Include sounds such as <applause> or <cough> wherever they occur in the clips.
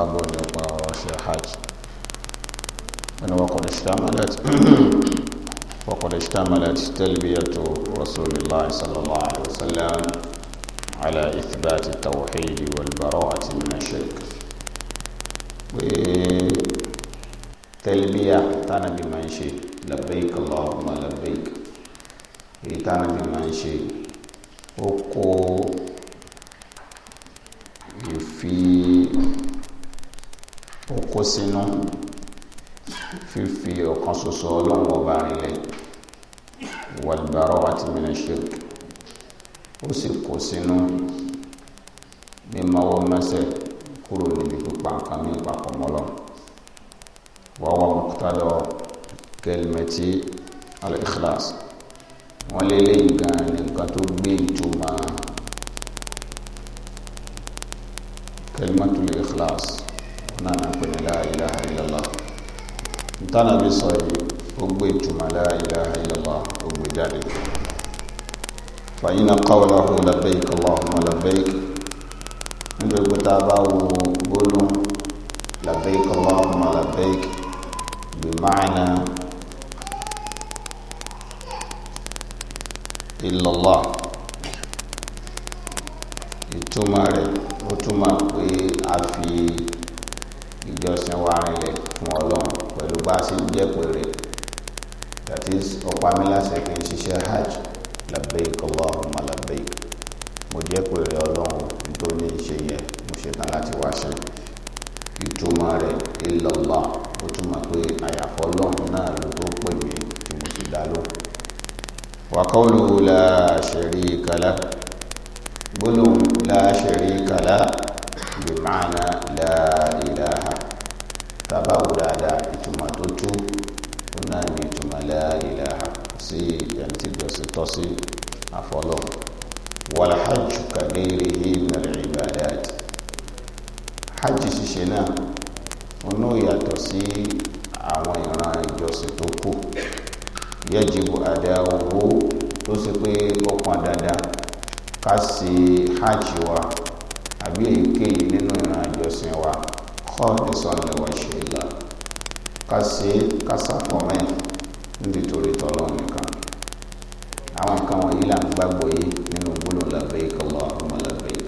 صحابه waliokuwa washahaki na waqad ishtamalat waqad ishtamalat talbiyatu rasulillahi sallallahu alaihi wasallam ala ithbati tawhidi walbaraati min ashirk talbiya tanabi manshi labbaik allahumma labbaik tanabi manshi oko ìfi kó sínú fífi ọ̀kan ṣoṣo ọlọ́run ọba rinlẹ̀ wal-bara'ati mina shirk ó sì kó sínú mímọ́wọ́ mẹ́sẹ̀ kúrò níbi pípa nǹkan ní ìpapọ̀ mọ́lọ́ wa huwa muqtada kalimati wọ́n lé lé nǹkan nǹkan tó gbé ìtumọ̀ kalimatul ikhlas náà náà la ilaha illallah ntànàbí sọ yìí ó gbé ìtumọ̀ la ilaha illallah ó gbé jáde fàyínà qawlahu labbaik allahumma labbaik nítorí pé tá a bá wo gbólóhùn labbaik allahumma labbaik bí máàna illallah ìtumọ̀ rẹ̀ ó túmọ̀ pé a fi. ìjọsìn wa rinlẹ̀ fún ọlọ́run pẹ̀lú bá a ṣe ń jẹ́ péré that is ọ̀pá mi láṣẹ kí n ṣiṣẹ́ hajj labbaik Allahumma labbaik mo jẹ́ péré ọlọ́run nítorí ṣe yẹ mo ṣetán láti wá ṣe ìtumọ̀ rẹ̀ illallah ó túmọ̀ pé àyàfọ́ ọlọ́run náà ló tó pè mí tí mo sì dá lóhùn. wa qawluhu la gbólóhùn la sharika bí màánà la tábà wò dáadáa ìtumọ̀ tó tú òun náà ní ìtumọ̀ la ilaha sí ẹni tí gbèsè tọ́ sí àfọlọ́ wal hajj kagayrihi min al ibadat hajj ṣíṣe náà wọn náà yàtọ̀ sí àwọn ìran ìjọsìn tó kù yajibu adáwó tó ṣe pé ó pọn dandan ká ṣe hajj wa àbí èyíkéyìí nínú ìran ìjọsìn wa khalisan wa shila ká ṣe ká ṣàfọ̀mọ́ ẹ̀ níbi torí tọ́lọ́run nìkan àwọn nǹkan wọ̀nyí là ń gbàgbọ́ yìí nínú gbólóhùn labbaik Allahumma labbaik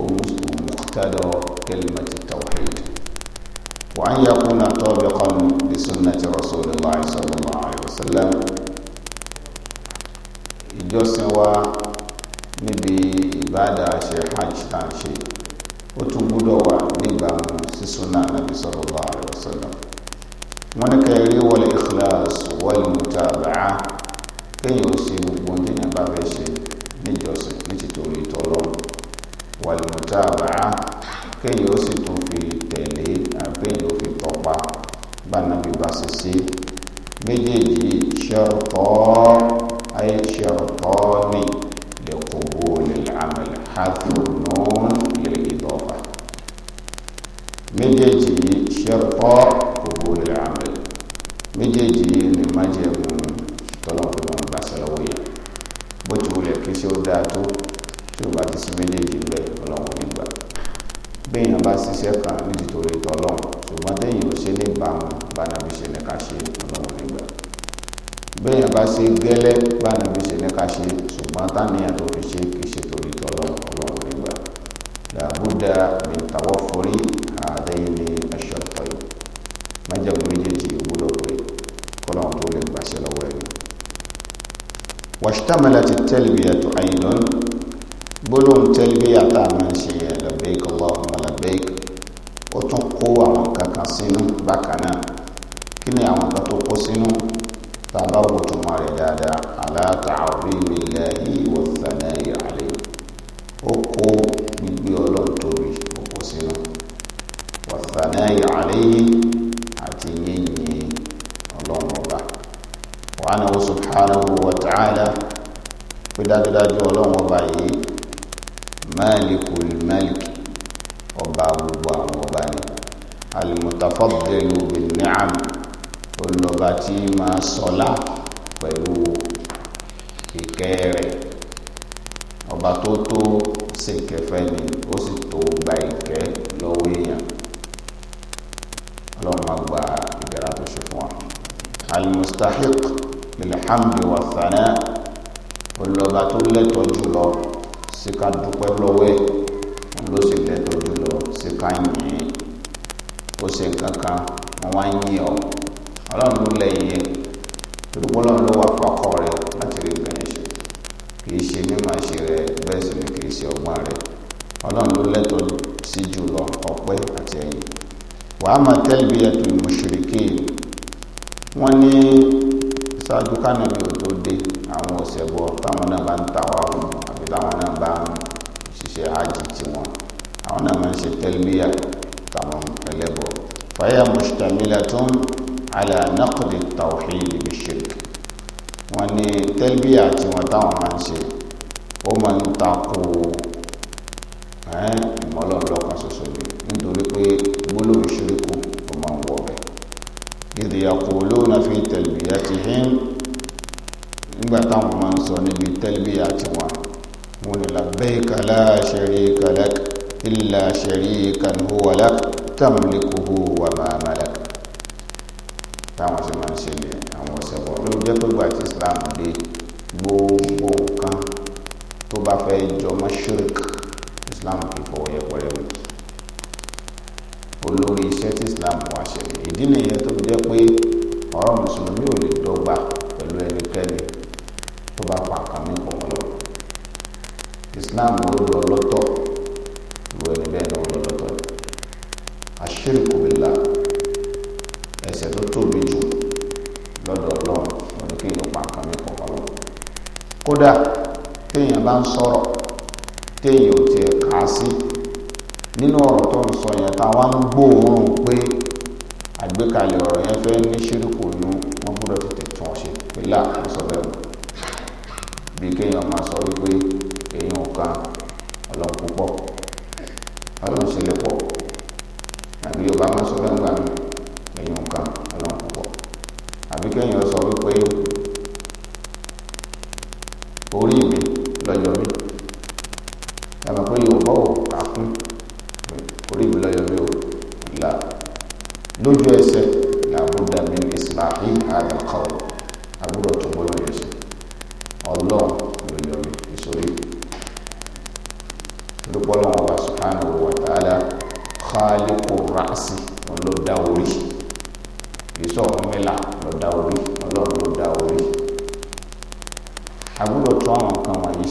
òun muqtada kalimati tawhid wa an yakuna tabiqan bi sunnati rasulillahi sallallahu alayhi wa sallam ìjọsìn wa níbi ìbádà ṣe hajj tá ṣe ó tún gbúdọ̀ wà sí sunna anabi sallallahu alayhi wa sallam wọn ní kẹrí wọlé ikhlas wọlé mutaba'a kéèyàn ó ṣe gbogbo ní ní bá fẹ́ ṣe níjọsìn ní títorí tọ́lọ́ wọlé mutaba'a kéèyàn ó sì tún fi tẹ̀lé àbẹ́yìn ó fi tọ́pa bá nàbí bá ṣe sí méjèèjì ṣẹ́rọ̀tọ́ ayé ṣẹ́rọ̀tọ́ ní lẹ́kọ̀ọ́ lẹ́lẹ́ àmàlẹ́ hàdùn. واشتملت التلبية أيضا بلوم تلبية طعما شيئا malikul malik ọba gbogbo àwọn ọba ni alimutafadelu bilniam olùlọba tí máa sọlá pẹ̀lú ìkẹ́ rẹ̀ ọba tó tó ṣe kẹfẹ́ ni ó sì tó gba ìkẹ́ lọ́wọ́ èèyàn ọlọ́run máa gba ìdára tó ṣe fún wa alimustahiq lilhamdi wa olùlọba tó lẹ́tọ̀ọ́ jùlọ sí ká dúpẹ́ lọ́wọ́ ẹ̀ ló sì lẹ́tọ̀ jùlọ sí ká yìn ín ó ṣe nǹkan kan wọn wá yìn ọ́ ọlọ́run ló lẹ́yìn ẹ̀ tòlúpọ̀ ọlọ́run ló wà pákọ̀ rẹ̀ láti rí nǹkan yẹn ṣe kì í ṣe mímọ̀ ṣe rẹ̀ bẹ́ẹ̀ sì ni kì í ṣe ọgbọ́n rẹ̀ ọlọ́run ló lẹ́tọ̀ sí jùlọ ọpẹ́ àti ẹ̀yìn wàá máa talbiyatul mushrikin ní ṣáájú kánàbí àwọn ọ̀sẹ̀ bọ̀ táwọn náà bá ń ta wá fún tiwọn àwọn náà máa ń ṣe tẹlbíyà táwọn ẹlẹ́bọ fàyà mushtamilatun ala naqdi tawhid bishirk wọn ní tẹlbíyà tiwọn táwọn máa ń ṣe ó máa ń takò ìmọ̀lọ́ọ̀lọ́kan ṣoṣo ni nítorí pé gbólóhùn ṣíríkù ó máa ń wọ̀ bẹ̀ idh yaquluna fi talbiyatihim nígbà táwọn máa ń sọ níbi tẹlbíyà tiwọn fún ni labbaika la sharika lak illa sharikan huwa lak tamlikuhu wa ma malak táwọn sì máa ń ṣe nìyẹn àwọn ọ̀sẹ̀bọ̀ ló jẹ́ pé gbà tí Islam dé gbogbo nǹkan tó bá fẹ́ jọ mọ́ shirk Islam fi fọwọ́ yẹpẹrẹ wò olórí iṣẹ́ tí Islam wá ṣe ìdí nìyẹn tó fi jẹ́ pé ọ̀rọ̀ mùsùlùmí ò lè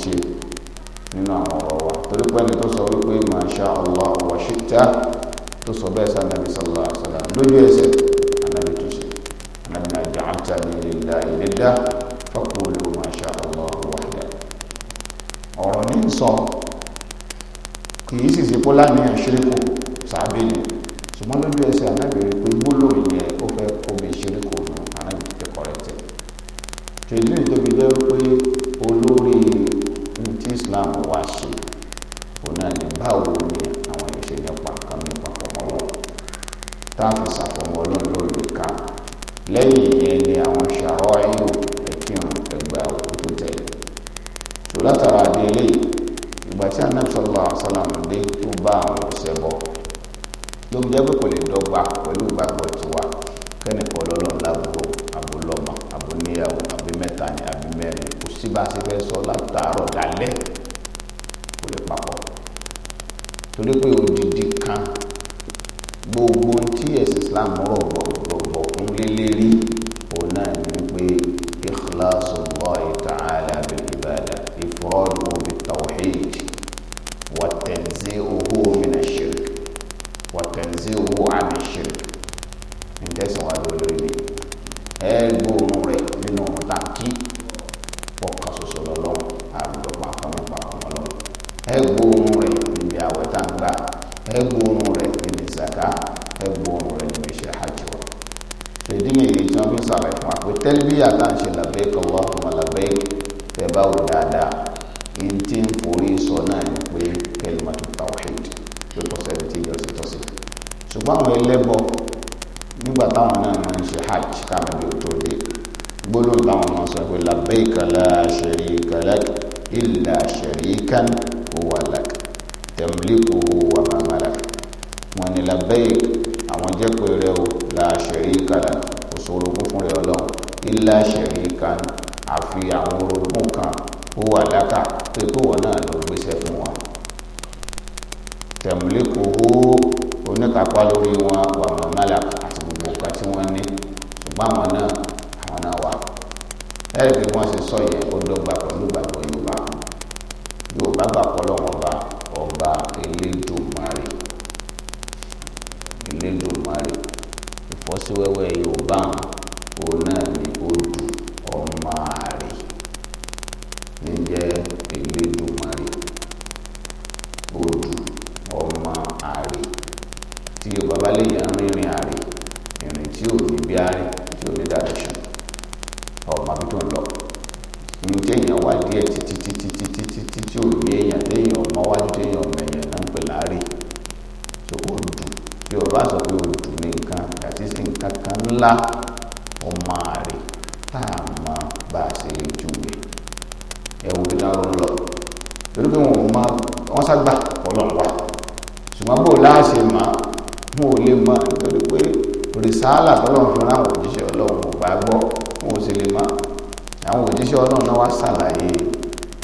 ṣe nínú àwọn ọ̀rọ̀ wa torí pé ẹni tó sọ wípé masha allah wa shita tó sọ bẹ́ẹ̀ sá nàbì sallallahu alaihi wasallam lójú ẹsẹ̀ anábì tó ṣe anábì náà jẹ́ àbúta ní ìlera ìlẹ́dá faqulu masha allah wahda ọ̀rọ̀ ní sọ kì í sì sí kó láàrin àṣírí kù èdè nìyí tí wọ́n fi ń sàlẹ̀ fún àpè tẹ́lbíyà tá à ń ṣe labbaik Allahumma labbaik tẹ́ bá wò dáadáa yìí tí ń forí sọ náà ni pé kalimatu tawhid tó kọ́ sẹ́ni tí ìjọ sí tọ́sí ṣùgbọ́n àwọn ẹlẹ́bọ nígbà táwọn náà máa ń ṣe hajj káwọn bí ó tó dé gbólóhùn táwọn máa sọ pé labbaika la sharika lak illa sharikan huwa lak tamlikuhu wa ilá ṣẹ̀rí kan àfi àwọn orogún kan ó wà lákà tó kó wọn náà ló gbéṣẹ́ fún wọn tẹ̀mílẹ́ ẹ̀wù bí táwọn ń lọ torí pé wọn ò mọ wọn ságbà ọlọ́pàá ṣùgbọ́n bò láàṣẹ mọ́ wọn ò lè mọ nítorí pé rìsáàlà tọ́lọ́run fún àwọn òjíṣẹ́ ọlọ́run kò bá gbọ́ wọn ò sì lè mọ́ àwọn òjíṣẹ́ ọlọ́run náà wá ṣàlàyé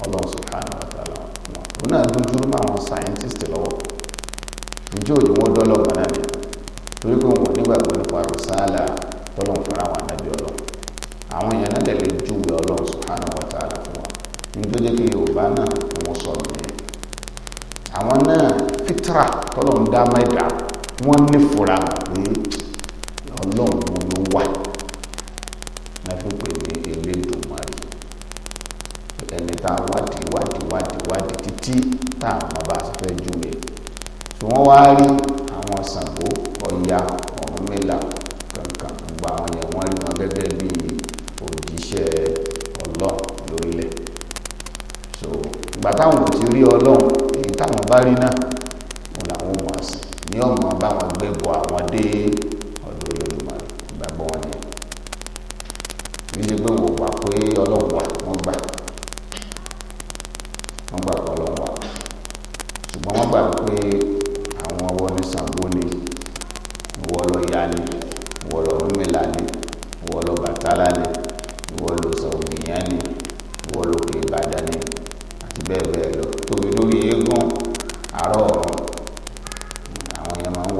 ọlọ́run subhanahu scientist lọ́wọ́ ìjọ òjò wọn náà fitra tọ́lọ̀ ń dá mẹ́ta wọ́n ní fura pé ọlọ́run wo ló wà láfi pè ní Elédùmarè ẹni tá a wádìí wádìí wádìí wádìí títí tá a mọ̀ bá a fẹ́ júwe tí wọ́n wá rí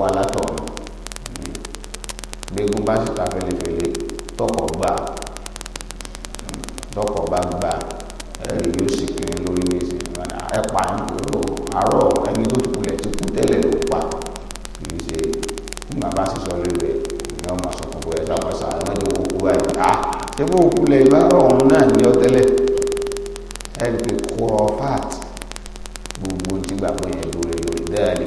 wá látọ̀run gbégun bá sì ta fẹlẹfẹlẹ tọkọ gbà tọkọ bá gbà ẹrí yóò sì kiri lórí méjì ẹ pa ìgbòho àárọ̀ ẹni tó kulẹ̀ ti kú tẹ́lẹ̀ ló pa kì í ṣe nígbà bá sì sọ lórí rẹ̀ ìyá ọmọ sọ fún bóyá sábà sá ẹ mọ́jọ òkú wa yìí ká ah, ṣé bó kulẹ̀ ìbára ọ̀run náà ní ọ tẹ́lẹ̀ ẹ rí kúrọ̀ fáàtì gbogbo ti gbàgbọ́ yẹn lórí lórí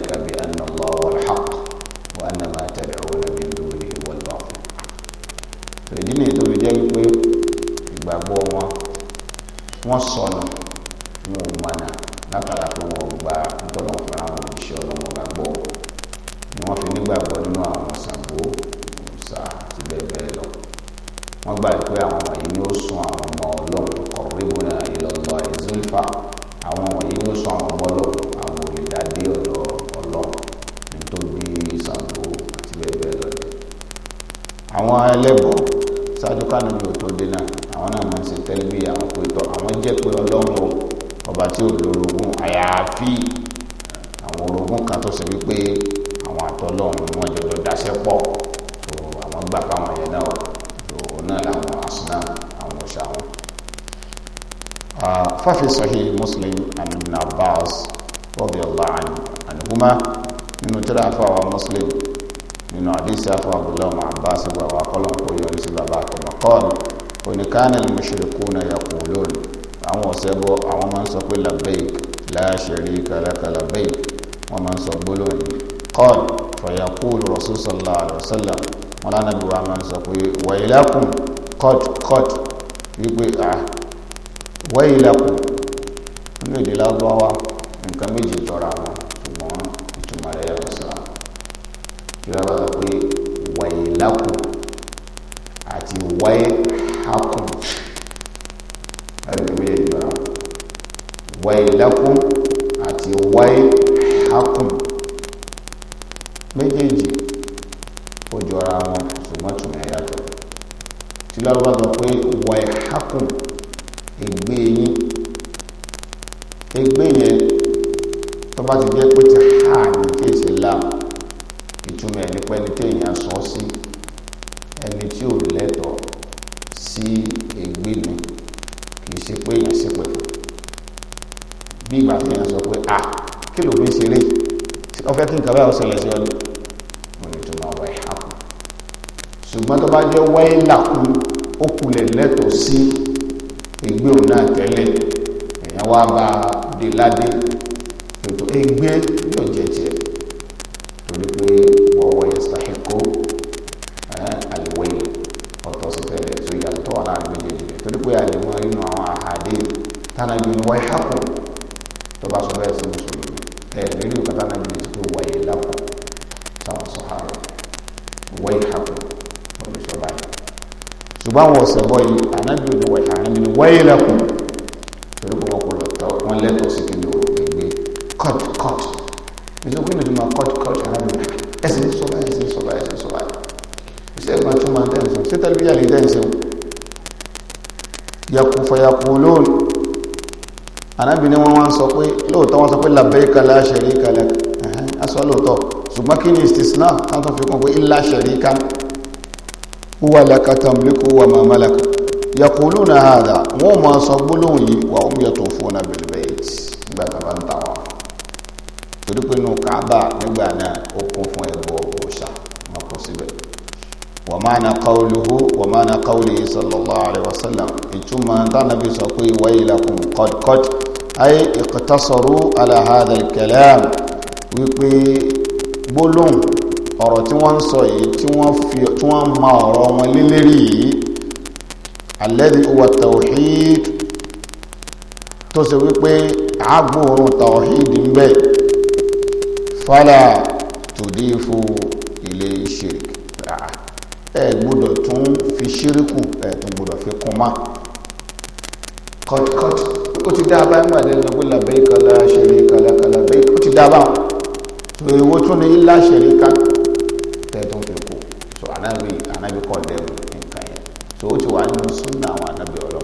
ففي صحيح مسلم عن ابن عباس رضي الله عنه عنهما من ترى فهو مسلم من حديث أخو عبد الله بن عباس وقال قال سببات وإن كان المشركون يقولون أو سبوا أو من سقول لبيك لا شريك لك لبيك ومن سقولون قال فيقول رسول صلى الله عليه وسلم ولا نبي ومن سقول ويلكم قد قد يقول آه ويلكم nínú èdè lágbáwá nǹkan méjì jọra wọn ṣùgbọ́n ìtumọ̀ rẹ̀ yàtọ̀ síra ìrẹ́ bá sọ pé wàyí lákù àti wáyé hákù ẹ̀rọ méjì jọra wàyí lákù àti wáyé hákù. bá ti jẹ́ pé ti ha ní kéèsì lam ìtumọ̀ ẹni pé ẹni téèyàn sọ sí ẹni tí ò lẹ́tọ̀ọ́ sí ègbé mi kì í ṣe pé èèyàn sí pẹ̀ bí ìgbà tí èèyàn sọ pé a kí ló fi ṣeré tí wọ́n fẹ́ kí nǹkan báyọ̀ ṣẹlẹ̀ sí ọ mo lè tún máa ẹ̀ hàn ṣùgbọ́n tó bá jẹ́ wáyé làkú ó kulẹ̀ lẹ́tọ̀ọ́ sí ègbé òun náà tẹ́lẹ̀ èèyàn wá bá dé ládé ẹgbẹ́ yóò jẹ tiẹ̀ torí pé wọ́n wọ yẹsàkíkó àlùwẹ̀ ọ̀tọ̀ sí tẹ̀lé tó yàtọ̀ wà láàrin méjèèjì rẹ̀ torí pé àlùmọ́ inú àwọn àhàdé tánàbí ni wáyé hàkù tó bá sọ bẹ́ẹ̀ sí mùsùlùmí ẹ̀ lórí òkà tánàbí ni sọ wáyé lákù táwọn sọ àrò wáyé hàkù pẹ̀lú ìṣọba yìí ṣùgbọ́n àwọn ọ̀sẹ̀ bọ́ yìí ànábì ni wáyé hàkù torí pé wọ́n kò lọ tọ́ wọ́n lẹ́tọ̀ọ́ sí kí tẹ́ǹsì yakun fayakun lóòrùn anábì ni wọ́n wọ́n sọ pé lóòótọ́ wọ́n sọ pé labbaika la sharika lak aṣọ lóòótọ́ ṣùgbọ́n kí ni istisna tán tó fi kún pé illa sharika huwa laka tamliku wa ma malaka yakuluna hadha wọ́n ma sọ gbólóhùn yìí wa hum yatufuna bil bayt nígbà tàbá ń tàwọn torí pé inú kaaba nígbà náà ó kún fún ẹbọ òòṣà mako síbẹ̀ wa maana qawluhu ومعنى قوله صلى الله عليه وسلم ثم النبي سقي ويلكم قد قد أي اقتصروا على هذا الكلام wípé gbólóhùn ọ̀rọ̀ tí wọ́n ń sọ yìí tí wọ́n fi tí wọ́n ma ọ̀rọ̀ wọn lélẹ́rì yìí alladhi huwa tawhid tó ṣe wípé àgbòrùn tawhid ń fala tudifu ilé ṣirk ṣíríkù ẹ̀tún gbọdọ̀ fi kún mọ́ kọtkọt ó ti dá báyìí gbàdé lọ pé labẹ́ìkà láṣẹríkà lábẹ́ìkà ó ti dá báwọn tó ewo tún ní láṣẹríkà ẹ̀tún fi kú so anábì anábì kọ́ dẹ́rù nǹkan yẹn so ó ti wà nínú súnà àwọn anábì ọlọ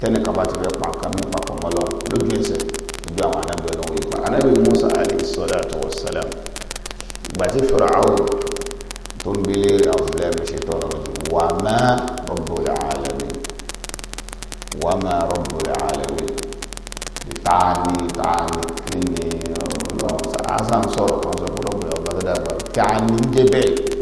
tẹnìkan bá ti fẹ́ pa nǹkan mi papọ̀ mọ́ lọ lójú ẹsẹ̀ gbogbo àwọn anábì ọlọ wọ́n yìí pa anábì Musa alayhi salatu wassalam gbàtí Fir'aun tó ń bilé rẹ̀ àwọn fúlẹ́mì ṣètò ọ̀rọ̀ wà má Rabbul Alamin wà má Rabbul Alamin tààní tààní kí ni ọlọ́run sọ̀rọ̀ kan sọ̀rọ̀ Rabbul Alamin tààní jẹ́ bẹ́ẹ̀.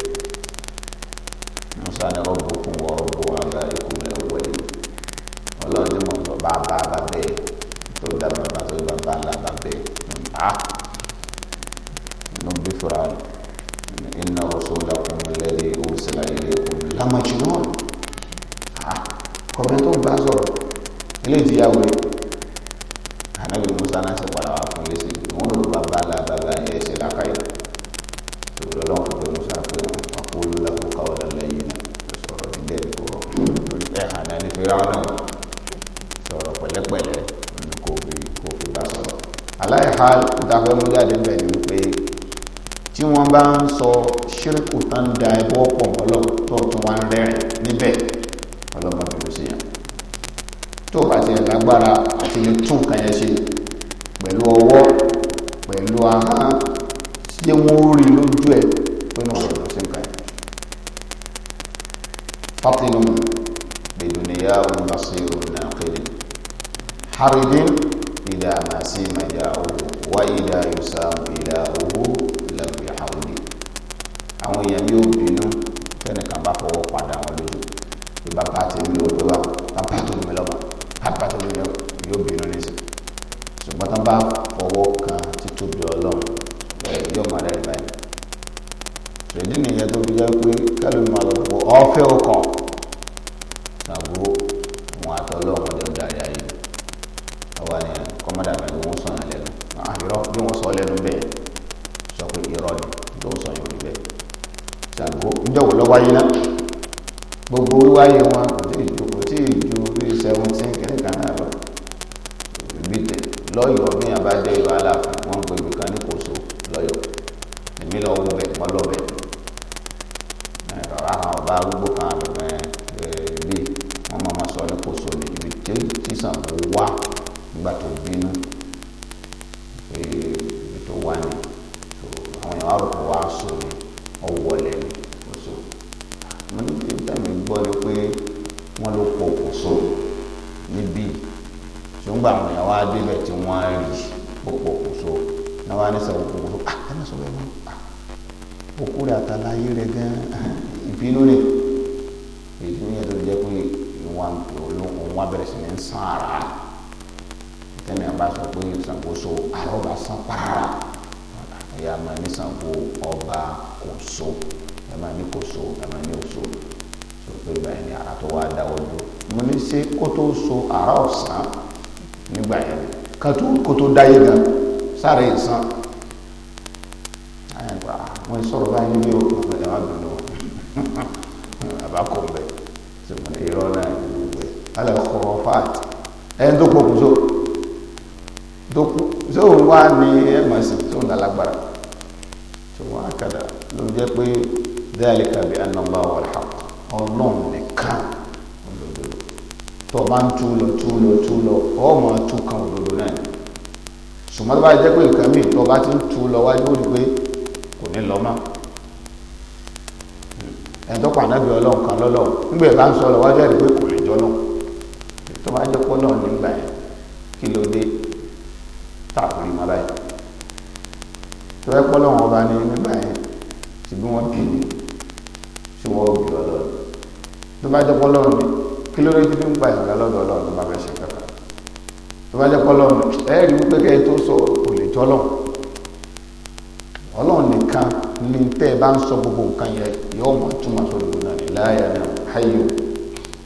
bá ń sọ ṣírkù tán da ẹbọ pọ̀ mọ́lọ́ tó tún wá ń rẹ́rìn níbẹ̀ ọlọ́mọ bẹ̀rẹ̀ sí yàn tó bá ti lágbára àti lè tún kàn yẹn ṣe pẹ̀lú ọwọ́ pẹ̀lú ahọ́n tí wọ́n rí lójú ẹ̀ pé náà ọ̀rọ̀ sí nǹkan yẹn. fatinu biduniya olùbásírò nàkiri haridin ìdá màsí màjà owó wá ìdá yusamu ìdá owó àwọn èèyàn mi ò bínú tẹnìkan bá fọwọ́ padà wọn lójú bí bàbá àti mi ò lówà bàbá tó mi lọ́mọ bàbá tó mi lọ́mọ yóò bínú nísìn ṣùgbọ́n tó bá fọwọ́ kan títóbi ọlọ́run ẹ̀ yóò máa rẹ̀ báyìí ṣèdí nìyẹn tó fi jẹ́ pé kálí mi máa lọ fọ ọ́ fẹ́ ọkàn. You know. ìgbà yẹn ni ara tó wá dáwọ́ dúró mo ní ṣe kó tó so àrà ọ̀sán nígbà yẹn kan tó kó tó dáyé gan sáré ìsán àyàgbà wọn sọ̀rọ̀ báyìí ní o ọ̀gbìn ẹ̀ wá bínú àbákò mbẹ tí mo ní irọ́ náà ní gbogbo ẹ̀ alẹ́ kọ̀ọ̀ fáàtì ẹ̀ ń tó so tó so wá ní. ọba ń tú lọ tú lọ tú lọ ọmọ tú kan òdodo náà ṣùgbọ́n tó bá jẹ́ pé nǹkan míì tó bá ti ń tú lọ wájú òdì pé kò ní lọ mọ́ ẹ̀dọ́pàá náà bí ọlọ́run kan lọ́lọ́run nígbà ìbá ń sọ lọ wájú ẹ̀rí pé kò lè jọ náà bá jẹ́ pọ́lọ́ ẹ̀rí wípé kẹ́ tó sọ kò lè jọ́ lọ́n ọlọ́run nìkan ní tẹ́ ẹ bá ń sọ gbogbo nǹkan yẹn yóò mọ̀ túmọ̀ sọ lòun náà ní láyà náà hayyu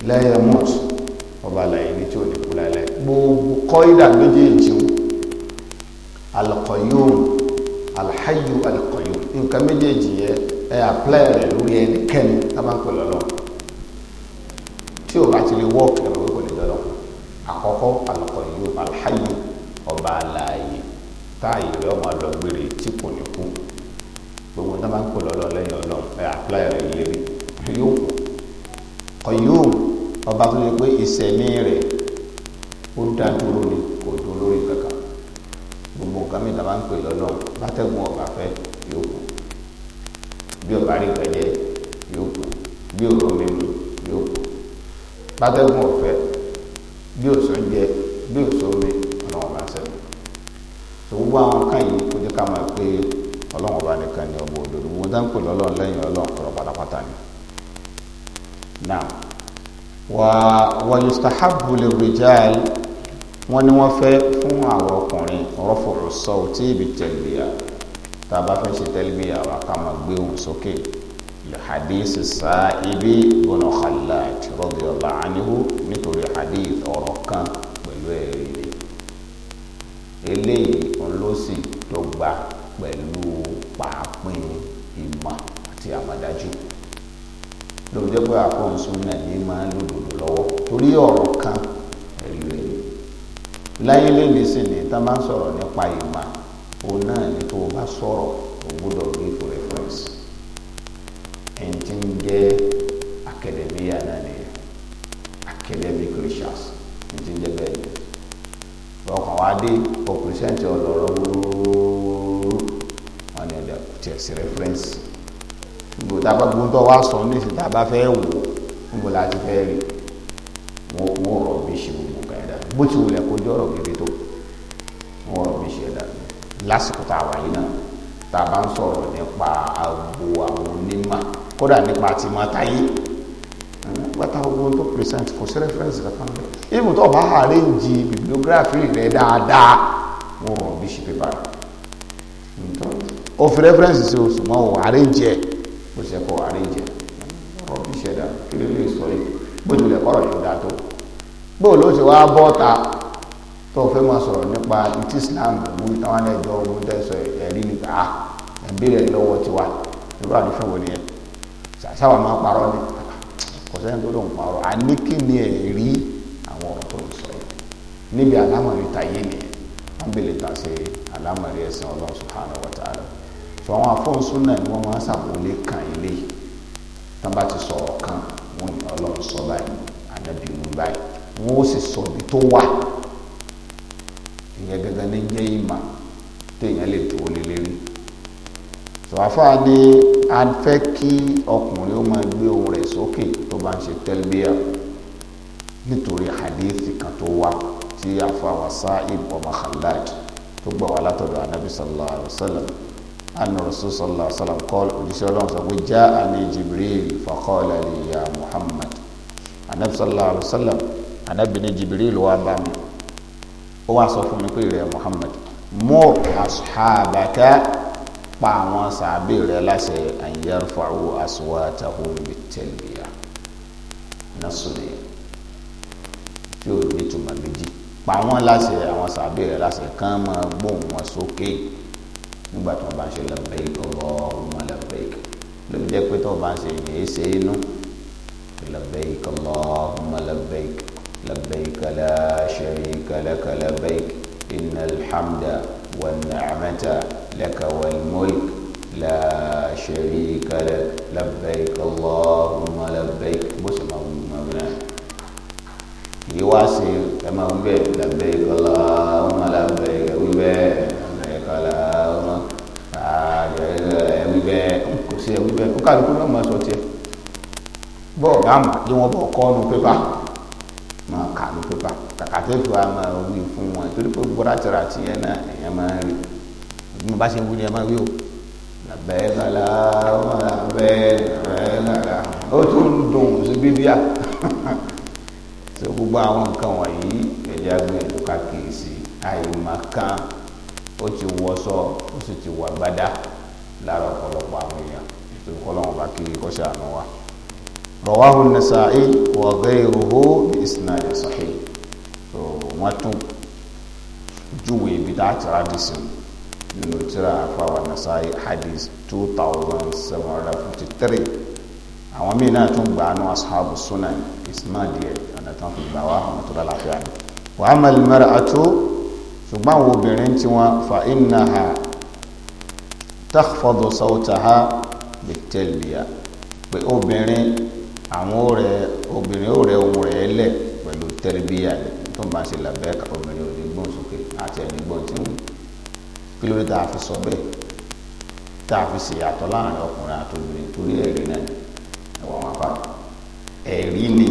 la yamut ọba àlàyé ní tí ò ní kú lálẹ́ gbogbo kọ́ ìdá méjèèjì al-qayyum al-hayyu nǹkan méjèèjì yẹ ẹ apply rẹ̀ lórí ẹnikẹ́ni tá a máa ń pè lọ́lọ́ táàyè rẹ ọmọ lọ gbére tí kò ní kú gbogbo tó bá ń pè lọ́lọ́ lẹ́yìn ọlọ́run ẹ àpláyà rẹ lérí yóò Qayyum ọba tó yẹ pé ìsẹ̀mí rẹ ó dá dúró ni kò dúró lórí kankan gbogbo nǹkan mi làwọn ń pè lọ́lọ́run látẹ̀gùn ọ̀gá fẹ́ yóò kú bí ọba rí ìpẹ́jẹ yóò kú bí òrò mímu yóò kú látẹ̀gùn ọ̀fẹ́ gbogbo àwọn nǹkan yìí kó jẹ́ ká máa pé ọlọ́run ọba nìkan ni ọba òdodo wọn dá ń pè lọ́lọ́run lẹ́yìn ọlọ́run kọ̀rọ̀ pátápátá ni. now wà wà yustahabbu lirijal wọn ni wọ́n fẹ́ fún àwọn ọkùnrin rọ́fùrù sawti bitalbiya tá a bá fẹ́ ṣe talbiya wa ká máa gbé ohùn sókè lihadisi Sa'ibi bin Khalid radiyallahu anhu nítorí hadith ọ̀rọ̀ kan. gbà fóun súnà ní máa lòdòdò lọ́wọ́ torí ọ̀rọ̀ kan ẹ̀lú ẹ̀ láyé lẹ́nìí sì ni tá a máa ń sọ̀rọ̀ nípa ìmọ̀ òun náà ni tó o bá sọ̀rọ̀ tó wá sọ ní ìsìta bá fẹ́ wò níbo la ti fẹ́ rí wọn kò wọ́n rọ̀ bí ṣe gbogbo nǹkan ẹ̀dá bó ti wulẹ̀ kó jọ́rọ̀ gidi tó wọ́n rọ̀ bí ṣe ẹ̀dá lásìkò tá a wà yìí náà tá a bá ń sọ̀rọ̀ nípa àgbo àwọn onímọ̀ kódà nípa ti máa táyé bàtà owó tó present kò sí reference kankan bẹ́ẹ̀ even tó bá arrange bibliography rẹ̀ dáadáa wọ́n rọ̀ bí ṣe pépà rẹ̀ ó fi reference sí oṣù mọ́ ò ẹ̀ bó ṣe kọ́ àríjẹ ọ̀rọ̀ bí ṣẹ̀dá kí ló lè sọ yìí bó tilẹ̀ kọ́rọ̀ yóò dáa tó bó ló ṣe wá bọ́ ta tó fẹ́ máa sọ̀rọ̀ nípa ti Islam mú táwọn ẹjọ́ ogun tẹ̀sọ̀ ẹ̀rí nípa ah ẹ̀bí rẹ̀ lọ́wọ́ ti wà ìrọ̀ àdúfẹ́ wò nìyẹn sábà máa parọ́ ni kò sẹ́ni tó lóun parọ́ àní kí ni ẹ̀rí àwọn ọ̀rọ̀ tó ń sọ yìí níbi àlámọ̀rí tayé nìyẹn wọ́n gbélé ta sí àlámọ̀rí ẹ̀sìn Ọlọ́run subhanahu wa ta'ala tó àwọn afọ́nsún náà ni wọ́n máa ń ṣàkólé kan ilé tán bá ti sọ̀rọ̀ kan wọ́n ní ọlọ́run sọ báyìí ànábì mú báyìí wọ́n ó sì sọ ibi tó wà ìyẹn gẹ́gẹ́ ní jẹ́ ìmà téèyàn lè dúró lé lérí tòwáfà ni a fẹ́ kí ọkùnrin ó máa gbé ohùn rẹ̀ sókè tó bá ń ṣe tẹ́lbíà nítorí hadithi kan tó wá tí àfa wasa ibn tó gbà wá látọ̀dọ̀ anabi sallallahu alayhi anna rasul sallallahu alaihi wa sallam kọ́ọ̀lù òjíṣẹ́ ọlọ́run sọ pé já àní jibril faqala li ya muhammad anabi sallallahu alaihi wa sallam anabi ni jibril wá bá mi ó wá sọ fún mi pé rẹ muhammad mú ashabaka pa àwọn sàbí rẹ láṣẹ an yarfa'u aswatahum bit-talbiya nasule tí ò ní tuma méjì pa wọn láṣẹ àwọn sàbí rẹ láṣẹ kàn máa gbóhùn wọn sókè. Okay nígbà tó o bá ń ṣe labbaik Allahumma labbaik ló jẹ́ pé tó o bá ń ṣe èyí ṣe inú labbaik Allahumma labbaik labbaik la sharika laka labbaik innal hamda wan ni'mata laka wal mulk la sharika lak labbaik Allahumma labbaik bó ṣe máa ń gbọ́n náà yìí wá sí ẹ máa ń bẹ̀ labbaik. sí ẹ̀ wíbẹ̀ ó kàlùkù náà máa sọ tiẹ̀ bọ́ọ̀ bá mà yí wọn bọ̀ kọ́ nu pépà máa kà nu pépà kàkà tẹ́ fi wá máa wí fún wọn torí pé gbọ́dá tẹ̀rẹ̀ àti yẹn náà ẹ̀yẹ máa ń rí bí mo bá ṣe ń wí ni ẹ máa wí o làbẹ́ lọ́la wọn làbẹ́ lọ́la lọ́la ó tún ń dùn sí bíbíà tó <laughs> gbogbo àwọn nǹkan wọ̀nyí ẹ̀jẹ̀ àgbẹ̀ ìlú kàkíyèsí àìmọ̀kan ó ti wọṣọ ó sì ti wọ agbádá lára ọ̀pọ̀lọpọ̀ àwọn èèyàn tó kọ́lọ́wọ́n bá kí kọ́ ṣàánú wa rọwáhu nasa'i wa ghayruhu bi isnad sahih tó wọ́n tún júwe ibi tá nínú tíra àfàwà nasa'i hadith two thousand seven hundred fifty three àwọn míì náà tún gbà ánú ashabu sunan isnad yẹ ọ̀nà tán fi gbà wá ọ̀nà tó lálàáfíà ni wa amma al-mar'atu ṣùgbọ́n àwọn obìnrin tí wọ́n fa innaha takhfadu sawtaha bìtẹ́lìyà pé obìnrin àwọn ó rẹ obìnrin ó rẹ ohun rẹ̀ lẹ̀ pẹ̀lú tẹ́lẹ̀bíyà tó ń bá ṣe làbẹ́ ká obìnrin òní gbọ́n sókè àti ẹni gbọ́n tí ń kí ló dé tá a fi sọ bẹ́ẹ̀ tá a fi ṣèyàtọ̀ láàrin ọkùnrin àti obìnrin torí ẹ̀rí náà ẹ̀wọ̀n wọn pa ẹ̀rí ni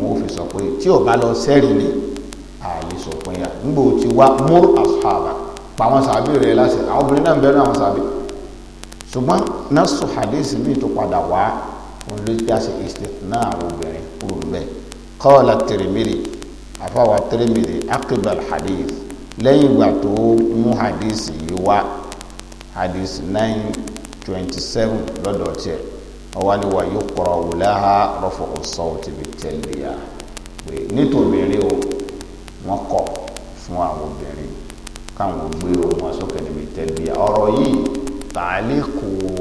wọn ò fi sọ pé tí ò bá lọ sẹ́rì ni ààyè sọ̀pin yà nígbà tí wá múr àfààbà pa àwọn sàbí rẹ̀ láṣẹ àwọn obìnrin náà ń bẹ̀rù àwọn sàbí ṣùgbọ́n nasu hadith mi tó padà wá òun ló gbé àṣẹ istithna àwọn obìnrin kúrò níbẹ̀ qala Tirmidhi àfàwà Tirmidhi akibal hadith lẹ́yìn ìgbà tó mú hadith yìí wá hadith nine twenty seven lọ́dọ̀ tiẹ̀ ọwọ́ni wa yóò kọ́ra wùláhà rọ́fọ̀ ọ̀sọ́ọ̀tì bíi tẹ̀léyà pé nítòbìnrin o wọ́n kọ̀ fún àwọn obìnrin káwọn gbé ohùn wọn sókè níbi tẹ̀léyà ọ̀rọ̀ yìí tààlíkù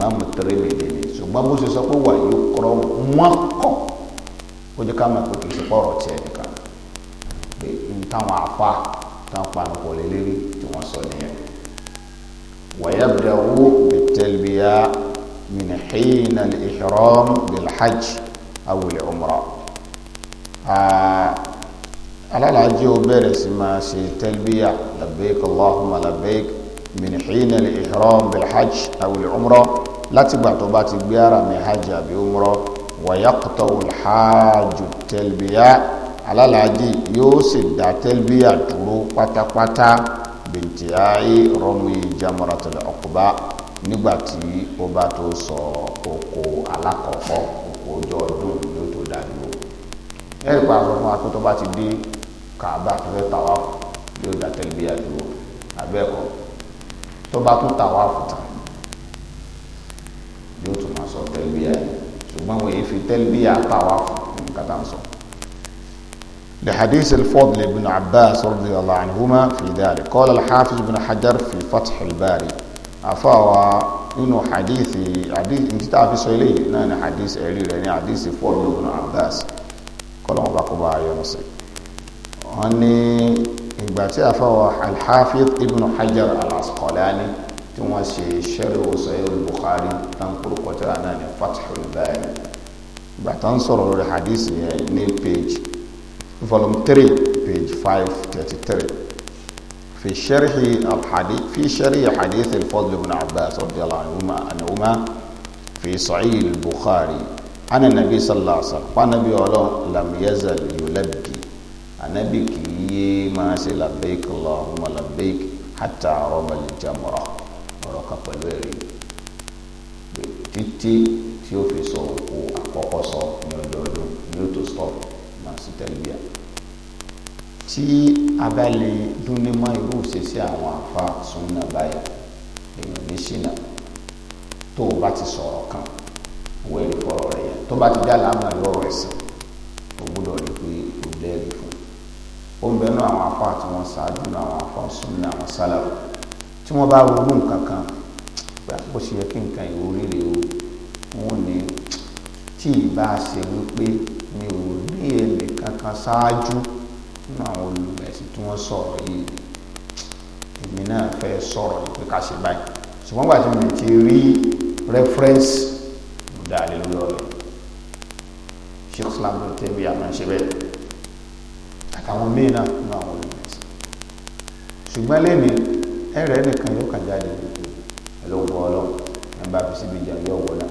ìmáàmù Tirmidhi ni ṣùgbọ́n bó ṣe sọ pé wà yóò kọ́rọ́ wọ́n kọ́ ó jẹ́ ká mọ̀ pé kì í ṣe pọ̀rọ̀ tiẹ̀ nìkan pé n táwọn afa táwọn panupọ̀ lé lérí tí wọ́n sọ nìyẹn. wa yabda'u bit-talbiya min hina al-ihram bil-hajj aw al-umrah alálàájì ó bẹ̀rẹ̀ sí máa ṣe talbiya labbaik allahumma labbaik min hina al-ihram bil-hajj aw al-umrah. látìgbà tó bá ti gbé ara mi hajj àbí umrọ wàyàkùtọ̀ olùhájú tẹlbíyà alálàájì yóò sì dá tẹlbíyà dúró pátápátá bìntì ayé rọmi jamaratul ọkùbá nígbà tí ó bá tó sọ oko alákọ̀ọ́kọ́ oko ojú ọdún yóò tó dájú ẹ̀rí pa àṣọ fún akótó bá ti dé kàábà tó fẹ́ tàwa yóò dá tẹlbíyà dúró abẹ́ẹ̀kọ́ tó bá tún tàwa fún tàn yóò tún máa sọ tẹ́lbíyà yìí ṣùgbọ́n wọ́n yìí fi tẹ́lbíyà tàwa fún nǹkan tá à ń sọ. لحديث الفضل بن عباس رضي الله عنهما في ذلك قال الحافظ بن حجر في فتح الباري أفاوى إنه حديث حديث أنت تعرف سؤالي إنه حديث علي يعني حديث الفضل بن عباس قال ما بقوا يا نصي أني إبتي أفاوى الحافظ ابن حجر العسقلاني تمشي سي شر البخاري تن قرقت فتح الباري بعدين صار الحديث ني بيج فولوم 3 بيج 533 في شرح الحديث في شرح حديث الفضل بن عباس رضي الله عنهما انهما في صحيح البخاري عن النبي صلى الله عليه وسلم قال النبي الله لم يزل يلبي النبي كي ما سي لبيك اللهم لبيك حتى رمى الجمره pẹ̀lú ẹ̀rí títí tí ó fi sọ òkú àkọ́kọ́ sọ ní ọdọọdún yóò tó stop máa sí tẹ́lifíà tí a bá lè dúnlé mọ́ irú ìṣesí àwọn àfa súnà báyìí èèyàn ní ṣìnà tó o bá ti sọ̀rọ̀ kan wẹ́ẹ̀rì fọ̀rọ̀ rẹ̀ yẹn tó bá ti dá láàmú lọ́rọ̀ ẹ̀sìn o gbúdọ̀ rí pé o lẹ́rìí fún un ó ń bẹnu àwọn àfa tí wọ́n ṣáájú àwọn àfa súnà àwọn sálàrò tí wọ́n bá ronú nǹkan kan bó ṣe yẹ kí nǹkan ìwò rírè o wọn ní tí ìbá ṣe wípé mi ò ní èlé kankan ṣáájú nínú àwọn olùmẹ̀sìn tí wọ́n sọ̀rọ̀ yìí èmi náà fẹ́ sọ̀rọ̀ pé ká ṣe báyìí ṣùgbọ́n gbà tí mo ti rí reference mo dá lé lórí ọ̀rẹ́ Sheikh Islam ló tẹ́ bí àmọ́ ṣe bẹ́ẹ̀ àtàwọn míì náà nínú àwọn olùmẹ̀sìn ṣùgbọ́n lẹ́nu ẹ̀rẹ́ nìkan. síbi ìjà yọ wọlá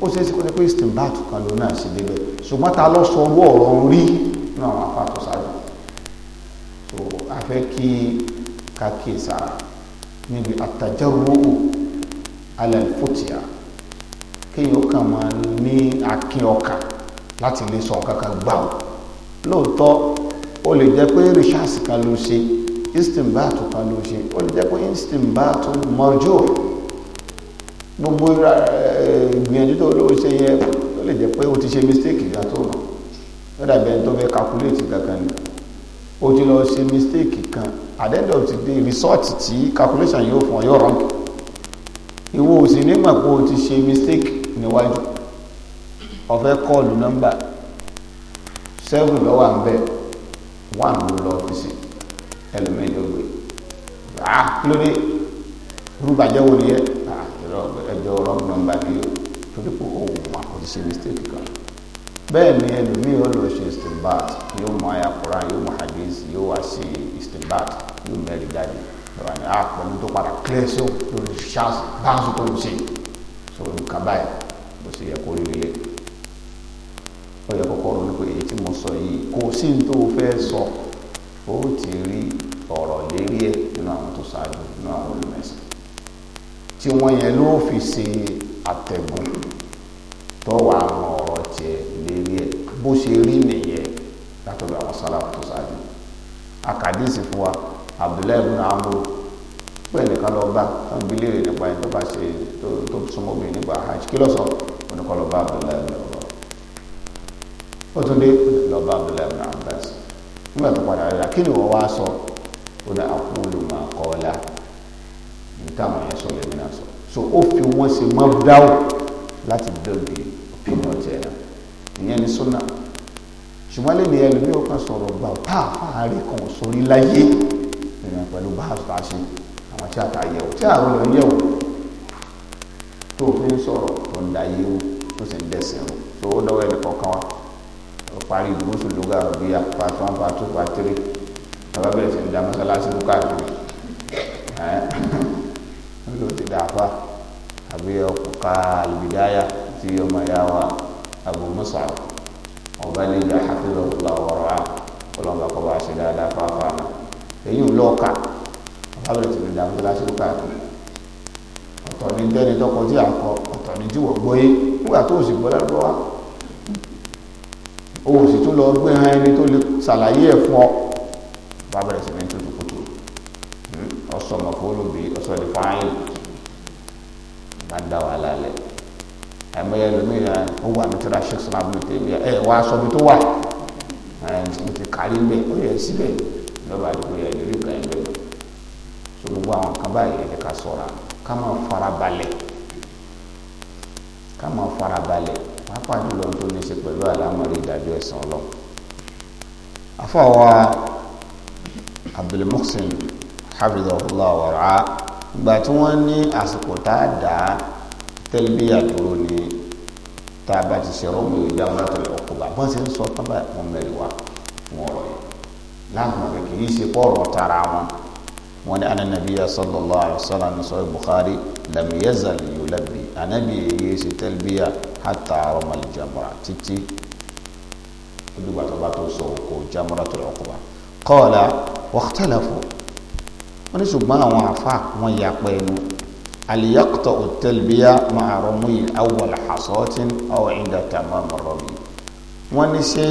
ó ṣe é ṣe kó ṣe pé istinbat kan ló náà ṣe débẹ̀ ṣùgbọ́n ta lọ sọ owó ọ̀rọ̀ orí ní àwọn afáàtọ̀ sáré so a fẹ́ kí kákìí sára níbi àtàjẹ́rúwò alẹ́fòtìyà kéèyàn ó kàn máa ní akin ọkà láti lè sọ nǹkan kan gbà ó lóòótọ́ ó lè jẹ́ pé rishas kan ló ṣe istinbat kan ló ṣe ó lè jẹ́ pé istinbat marjor gbogbo eh, ìgbìyànjú tó lówó ṣe yẹ ó lè jẹ́ pé o ti ṣe mistake ìgbà tó rọ̀ ó dàbí ẹni tó fẹ́ calculate kankan ni o ti lọ ṣe mistake kan at the end of the day result tí calculation yóò fún ọ yóò rọ̀ǹkì ìwọ ò sì nígbà pé o ti ṣe mistake níwájú o fẹ́ kọ́ọ̀lù nọ́mbà seven lọ́wọ́ à ń bẹ̀ one ló lọ fi sí gbé ah lórí rúbàjẹ́ wo ni yẹ ẹjọ́ wrong number bí o torí pé ó wù wọn kò sí mistake kan bẹ́ẹ̀ ni ẹlòmíì ó lọ ṣe istinbat yóò mọ àyà Quran yóò mọ hadith yóò wá sí istinbat yóò mẹ́rin jáde lọ́wọ́ ni a ah, pẹ̀lú tó padà clear sí òun lórí ṣáàsì báńsì tó ń ṣe sọ̀rọ̀ nǹkan báyìí bó ṣe yẹ kó rí rí lé ó yẹ kọ́kọ́ ronú pé èyí tí mo sọ yìí kò sí ní tó fẹ́ sọ ó ti rí ọ̀rọ̀ lérí ẹ̀ nínú àwọn tó ṣáájú nínú àwọn olùmẹ̀sìn tí wọ́n yẹn ló fi ṣe àtẹ̀gùn tọ́wọ́ àwọn ọ̀rọ̀ tiẹ̀ lérí ẹ̀ bó ṣe rí nìyẹn látọ̀dọ̀ àwọn sálàfù tó ṣáájú àkàdísì fún wa Abdullahi ibn Amr pé ẹnìkan lọ bá wọn bí léèrè nípa ẹni tó bá ṣe tó súnmọ́ obìnrin nípa hajj kí ló sọ oníkan lọ bá Abdullahi ibn Umar ó tún dé lọ bá Abdullahi ibn Abbas nígbà tó padà rẹ̀ kí ni wọ́n wá sọ ó ní àkúlù máa kọ́ ọ́ la níta àwọn yẹn sọ lẹ́nu so ó fi wọ́n ṣe mọ́dáwò láti dọ́bi opinion tiẹ̀ náà ìyẹn ni súnà ṣùgbọ́n lè ní ẹlòmíì ó kàn sọ̀rọ̀ gbà pàápàá rí kan sórí láyé ìrìn pẹ̀lú bá a ṣe àwọn tí a ta yẹ̀wò tí àwọn èèyàn yẹ̀wò tó fi ń sọ̀rọ̀ tó ń da yẹ̀wò tó sì ń dẹ̀sìn o tó ó dọ́wọ́ ẹnì kọ̀ọ̀kan wa ó parí ìdúgbòsù lóga òbí apàtúwàpàtú pàtírì bàbá bẹ̀rẹ̀ sí ń da mọ́sálásí lókàkiri ẹ̀ ti dàáfà àbí ọkùnká albidaya tí ọmọ ya wa Abu Mus'ab ọba níjà hafizọ ọlọ ọrọ a ọlọmọ kọ bá ṣe dáadáa fáfá náà èyí ò lọ́ọ̀ka ọba bẹ̀rẹ̀ ti dàáfà tó láṣẹ lóka àti ọ̀tọ̀ ní dẹ́ni tọkọ tí a kọ ọ̀tọ̀ ní tí wọ́n gbóyé nígbà tó o sì gbọ́dọ̀ lọ́wọ́ o sì tún lọ gbé hàn ẹni tó lè ṣàlàyé ẹ̀ fún ọ ọba bẹ̀rẹ̀ sí ní tuntun kùtù hmm? ọsọ mọ̀kó lóbi ọsọ ìfọ̀ ayé ká da wàhálà lẹ àmọye ẹlòmíràn ó wà ní tíra sheikh salam ní tèmi ẹ wà sọ bí tó wà ẹ mo ti kárí ń bẹ ó yẹ síbẹ̀ lọba àdúgbò yẹ lórí ìgbà yẹn bẹ́ẹ̀ so gbogbo àwọn kan báyìí ẹ ká ṣọ́ra ká máa fara balẹ̀ ká máa fara balẹ̀ pàápàá jùlọ tó ní ṣe pẹ̀lú àlámọ̀rí ìdájọ́ ẹ̀sán ọlọ́run afọwọ́ abdulmuhsin hafidhahullah wa ra'ah ìgbà tí wọ́n ní àsìkò tá a dá tẹ́lbíyà dúró ní tá a bá ti ṣe ọmọ ìjà wọn láti lọ kó bá bọ́n ṣe ń sọ tábà wọn mẹ́rin wá wọn ọ̀rọ̀ yẹn láàmú rẹ̀ kì í ṣe pọ̀rọ̀ tara wọn wọn ní ananabiya sallallahu alayhi wa sallam ní sọ́yìn Bukhari lam yazal yulabbi anabi yìí ṣe tẹ́lbíyà hatta arama al-jamra títí ìdúgbà tó bá tó sọ òkò jamra tó lọ kó bá qala wakhtalafu. wọ́n ní ṣùgbọ́n àwọn afa wọn yà pẹ́ ẹnu aliyakutọ òtẹlbíyà máa rọmú yìí awọlẹ hasọtin ọwọ ìdàtà máa mọ̀rọ̀ mi wọ́n ní ṣe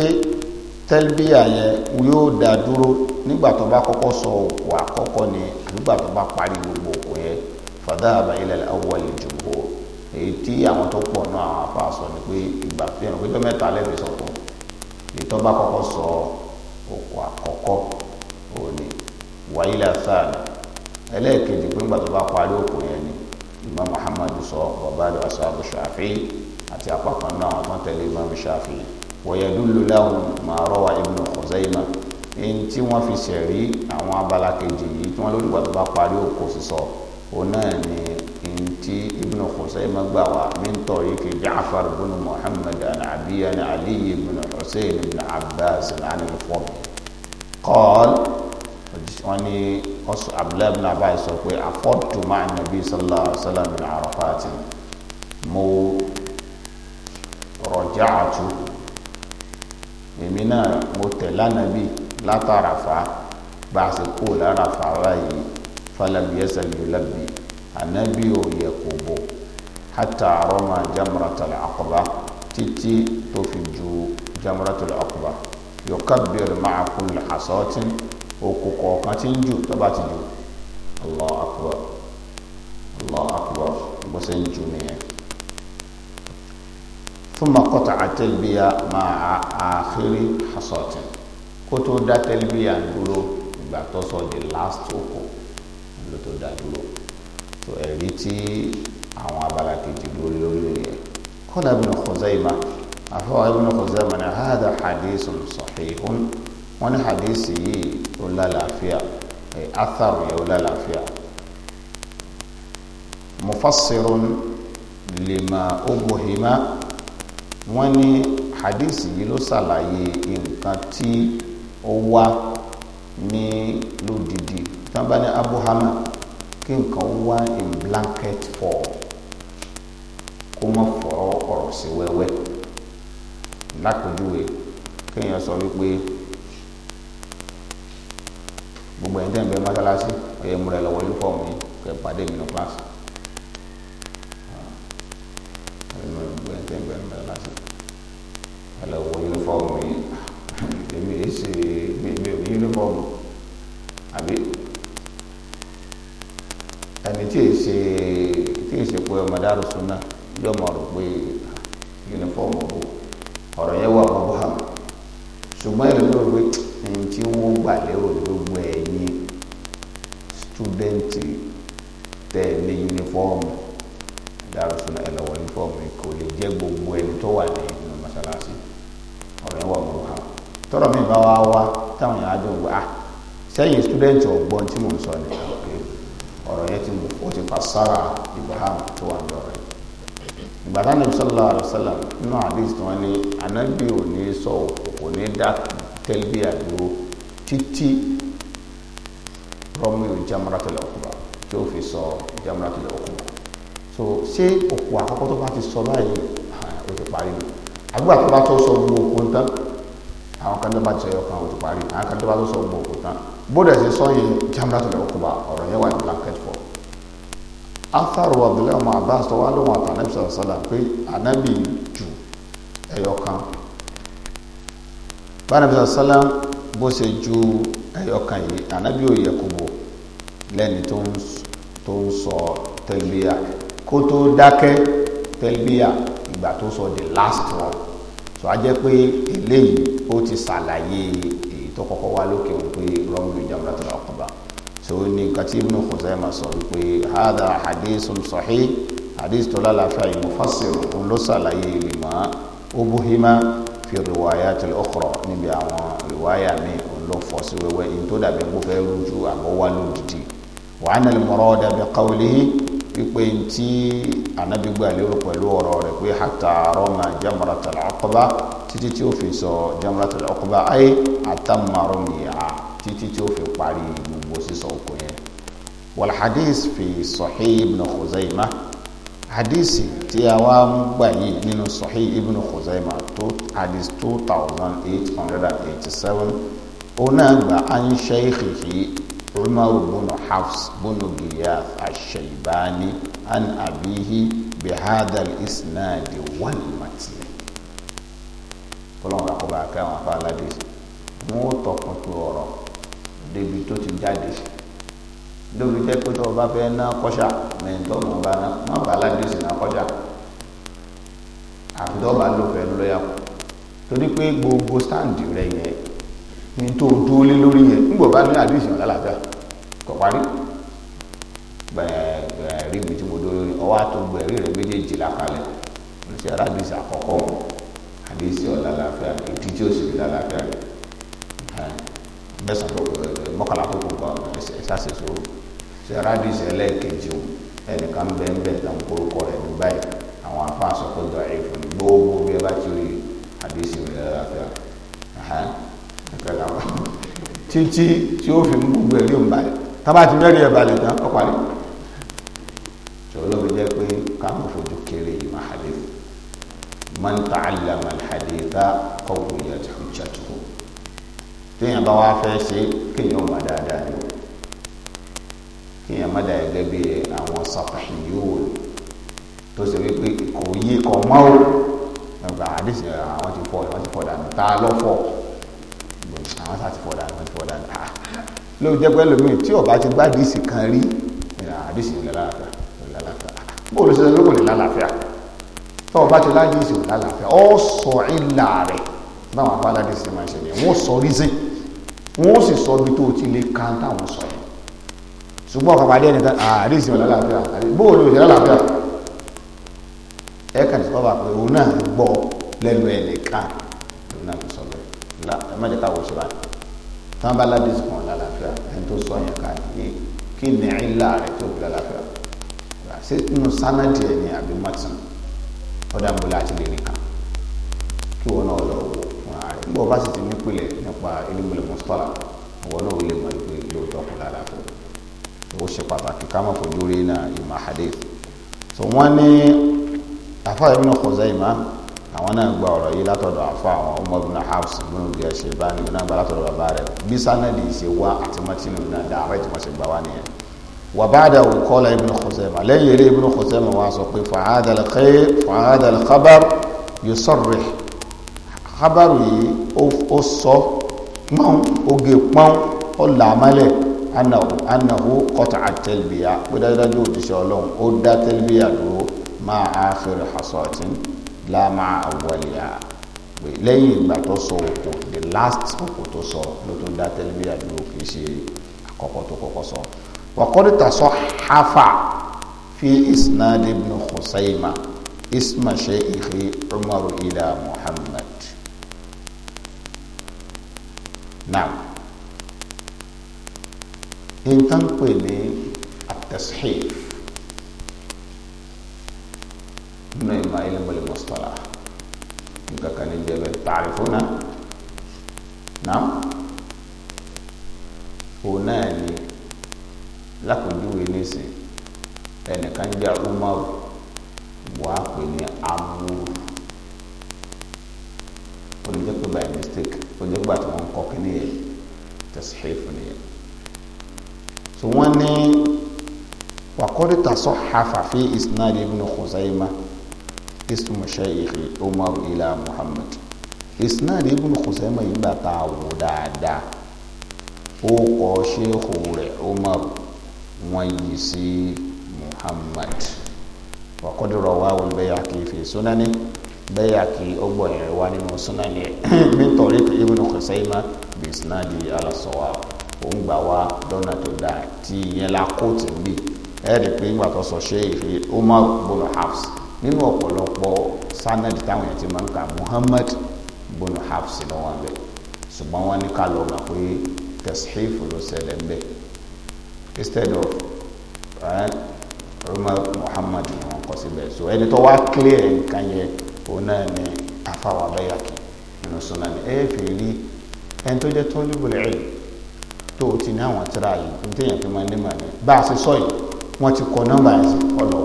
tẹlbíyà yẹn yóò dá dúró nígbà tó bá kọ́kọ́ sọ òkú àkọ́kọ́ ni nígbà tó bá parí gbogbo òkú yẹn fàdá àbáyílẹ̀ awọlẹ̀ jùmọ̀ èyí tí àwọn tó pọ̀ náà àwọn afa sọ ni pé ìgbà fihàn pé tó mẹ́ta sọ̀tọ̀ wàhálà sáàlì ẹlẹ́ẹ̀kejì pé ńgbà tó bá parí òkú yẹn ni Imam Muhammad sọ bàbá àlọ́ asáàbù Shafi'i àti apákan náà àwọn tó ń tẹ̀lé Imam Shafi'i wọ̀yẹ̀dúlù láwùn máa rọ́wà Ibn Khuzaimah èyí tí wọ́n fi ṣẹ̀rí àwọn abala kejì yìí tí wọ́n lórí ìgbà tó bá parí òkú sísọ òun náà ni èyí tí Ibn Khuzaimah gbà wá min tariqi Ja'far ibn wọ́n ní abdullahi bin abayi sọ pé afọ́tò máa ń nàbí sallallahu alayhi wa sallam bin arafati mo rọjá àtú èmi náà mo tẹ̀lé ànábì látàràfà bá a sì kó láràfà báyìí falabi ẹsẹ̀ yìí lábì ànábì ò yẹ kó bọ̀ hátà rọ́mà jamratul aqaba títí tó fi ju jamratul aqaba yóò kábìrì máa kú lè òkú kọ̀ọ̀kan tí ń jù tó bá ti jù allah akbar allah akbar bó ṣe ń jù nìyẹn fún makọ́ta àtẹ́lbíyà máa àkírí hasotin kó tó dá tẹ́lbíyà dúró ìgbà tó sọ the last òkú ló tó dá dúró tó ẹ̀rí tí àwọn abala kejì dúró lórí rẹ̀ kọ́lá ibn Khuzaymah àfọwọ́ ibn Khuzaymah ní hádà hadithun sahihun wọ́n ní hadisi yìí ó lálàáfíà ẹ̀ atharu yẹ ó lálàáfíà mufassirun lima obuhima wọ́n ní hadisi yìí ló ṣàlàyé nǹkan tí ó wá ní lódìdí tí wọ́n bá ní abuhama kí nǹkan ó wá in blanket form kó má fọ̀rọ̀ ọ̀rọ̀ sí wẹ́wẹ́ lápèjúwe kéèyàn sọ wípé gbogbo ẹni tẹ́ ń bẹ mọ́sálásí ẹ̀ múra ẹ̀ lọ́wọ́ uniform yìí kẹ́ pàdé mi ní class tọrọ mi bá wa wá táwọn èèyàn àjọ wà á ah, sẹ́yìn student ọ̀gbọ́n tí mò ń sọ ni ọ̀rọ̀ yẹn ti mú o ti pàṣára Ibrahim tó wà ní ọ̀rọ̀ yìí ìgbà táwọn ẹbí sọlá àlùsálà nínú àdéhùn tí wọn ní anábì ò ní sọ kò ní dá tẹlifí àdúró títí rọmí ìjàmúratẹlẹ òkúba tí ó fi sọ ìjàmúratẹlẹ òkúba so ṣé òkú àkọ́kọ́ tó bá ti sọ báyìí ó ti parí mi àgbà tó bá tó sọ gbogbo òkú tán àwọn kan tó bá ti sọ ọkàn òtún parí àwọn kan tó bá tó sọ gbogbo òkú tán bóde ṣe sọ yẹn jamra tó lè kó ba ọ̀rọ̀ yẹn wà ní blanket fọ. after wa abdullahi ọmọ abbas tó wá lóhun àtàn anabi sọ̀rọ̀ sọ́dà pé anabi ju ẹyọ kan bánabi sọ̀rọ̀ sọ́dà bó ṣe ju ẹyọ kan yìí anabi ò yẹ kó bò lẹ́ni tó ń sọ tẹ̀lbíyà kó tó dákẹ́ tẹ̀lbíyà ìgbà tó sọ the last one tó a jẹ́ pé eléyìí ó ti ṣàlàyé èyí tó kọ́kọ́ wá lókè wọn pé rọ́mùlù jamratul aqaba tó ní nǹkan tí Ibn Khuzaimah sọ wípé hadha hadithun sahih hadith tó lálàáfíà yìí mufassir òun ló ṣàlàyé lima ubuhima fi riwayatil ukhra níbi àwọn riwaya mi òun ló fọ́ sí wẹ́wẹ́ yìí tó dàbí gbọ́fẹ́ rújú àbọ̀wá lójijì wa anna al-murada bi qawlihi wípé ntí anabi gba lérò pẹ̀lú ọ̀rọ̀ rẹ̀ pé hata rọ́mà jamratul aqaba títí tí ó fi sọ jamratul aqaba ayé àtàmàrọ̀ nìyà títí tí ó fi parí gbogbo sísọ òkú yẹn. wal hadith fi sahih ibn khuzaima hadisi tí a wá ń gbà yìí nínú sahih ibn khuzaima tó hadith two thousand eight hundred and eighty seven ó náà gbà á ń ṣe é عمر بن حفص بن غياث الشيباني عن أبيه بهذا الإسناد والمتن kọlọ́n kò bá kẹ́ ti jáde lórí jẹ́ pé tó o bá fẹ́ ná kọ́ṣà mẹ́ńtọ́nù ọba náà má bàa aládé sì ná kọ́ṣà ní tó dúró lé lórí yẹn nígbà bá ní àdéhùn ìṣẹ̀lẹ̀ lálàáfíà kò parí gbẹ̀rí mi tí mo dúró lórí ọwọ́ àtò gbẹ̀rí rẹ̀ méjèèjì lápalẹ̀ mo ṣe àdéhùn àkọ́kọ́ àdéhùn ọ̀làlàáfíà ìdí tí ó sì rí lálàáfíà mẹ́sàn-án tó mọ́kànlá tó kù kọ́ ẹ̀ṣáṣe sòrò ṣe àdéhùn ẹlẹ́ẹ̀kejì o ẹnìkan bẹ́ẹ̀ bẹ́ẹ̀ lọ́n kórúkọ rẹ̀ ní báyìí àwọn afá pẹ̀lú àwọn títí tí ó fi mú gbogbo ẹ̀rí òun balẹ̀ tábà ti mẹ́rin ẹ̀ balẹ̀ tán ọ̀parí ṣòlóbi jẹ́ pé káwọn fojú kéré ìmọ̀ hadith man ta'allama al-haditha qawiyat hujjatuhu téèyàn bá wá fẹ́ ṣe kéèyàn mọ̀ dáadáa ni kéèyàn má dà gẹ́gẹ́ bí àwọn sàfàhì yóò tó ṣe wípé kò yí kọ̀ mọ́ o àwọn ti fọ́ àwọn dànù tá a lọ́ fọ́ ọ àwọn sá ti fọdà àwọn ti fọdà ah ló jẹ pé lómi tí ọba ti gbá díìsì kan rí àdìsí ò lálàáfíà ò lálàáfíà bó ló ṣe ló kò lè lálàáfíà tó ọba ti ládìsí ò lálàáfíà ó sọ ìlà rẹ̀ báwọn apá ládìsí máa ń ṣe ni wọn sọ reason wọ́n sì sọ bí tó ti lè kan táwọn sọ yìí ṣùgbọ́n ọkọ̀ pàdé ẹnìkan àdéhìsí ọ̀la láàbíà bóò ló ṣe láàbíà ẹ kàn sí bàbá pé òun náà gbọ́ lẹ́nu ẹnìkan má jẹ́ káwọ́ ṣe báyìí tán bá ládìsí kan lálàáfíà ẹni tó sọ yẹn ká yé kí ní ìlà rẹ̀ tó bí lálàáfíà ṣé inú sánàdì ẹ̀ ni àbí mọ́tìn ọ̀dà bọ́lá àti lè rí kan kí wọn náà lọ wò fúnra rẹ̀ nígbà bá sì ti nípìnlẹ̀ nípa ilé mọ́tọ́là wọn náà lè mọ ìpè lóòótọ́ kù lálàáfíà ó ṣe pàtàkì ká má fojú rí náà ìmọ̀ àdéhùn so wọ́n ní àfáà Ibn àwọn náà gba ọ̀rọ̀ yìí látọ̀dọ̀ àfa àwọn ọmọ ibùn Hafs ibùn gẹ̀ ṣe bá ní ọ̀nà gba látọ̀dọ̀ bàbá rẹ̀ bí sanadi ṣe wá àti mọ́tínú náà dá àrẹ tí wọ́n ṣe gbà wá nìyẹn. wà bá dà wò kọ́lá ibùn Khuzaimah lẹ́yìn eré ibùn Khuzaimah wa sọ pé fàhádàl khabar yóò sọ̀rọ̀ khabaru yìí ó sọ pọ́n oge pọ́n ó là anahu kọ́tà àtẹlbíyà pé dájúdájú òjíṣẹ́ ọlọ́run ó dá tẹlbíyà dúró máa àfẹ́rẹ́ hasọ̀tún láàmà àwọlẹ̀yà pé lẹ́yìn ìgbà tó sọ òkò the last òkò tó sọ ló tó dá tẹlifíà dúró kì í ṣe àkọ́kọ́ tó kọ́kọ́ sọ wàkọ́dé tasọ hafa fi isnad ibn khusayma isma shaykhi umar ila muhammad naam nǹkan pè ní atashif nínú ìmọ̀ ilé mọ̀lẹ́mọ̀. sọlá nǹkan kan ní jẹbẹ tààrífúnà náà òun náà ni lápòjúwe nísìn ẹnìkan jẹ umaru wà á pè ní amúrú olùjẹ́ pé by mistake olùjẹ́ gbà tí wọ́n ń kọ́ kínní yẹn tẹ̀síhìfù nìyẹn tí wọ́n ní wàkọ́rìtà sọ hafa fi isnadi ibn Khuzaimah ismu shaykhi umar ila muhammad isnad ibn khuzaimah yìí gbà tá a wò dáadáa ó kọ ṣéèkù rẹ̀ umar wọ́n yìí sí muhammad wa qad rawahu al-bayhaqi fi sunani bayhaqi ọgbọ̀ yẹn wá nínú sunani <coughs> min tariq ibn khuzaimah bi isnadi ala sawab ó ń gbà wá lọ́nà tó dáa tí ìyẹn la kóòtù bì ẹ̀ẹ́dì pé ń gbà tó sọ ṣéèkì umar bin nínú ọ̀pọ̀lọpọ̀ sanad táwọn èèyàn ti máa ń kà Muhammad bin Hafs ni wọ́n bẹ̀ ṣùgbọ́n wọ́n ní ká lọ gbà pé tashif ló ṣẹlẹ̀ ń bẹ̀ instead of right, eh, Umar Muhammad ni wọ́n kọ́ síbẹ̀ so ẹni tó wá clear nǹkan yẹn òun náà ni afáwà bẹ́yàkì nínú sunan ẹ fi rí ẹni tó jẹ́ talibul ilm tó o ti ní àwọn tíra yìí ní téèyàn fi máa ní màá ní bá a ṣe sọ yìí wọ́n ti kọ nọ́mbà yẹn sí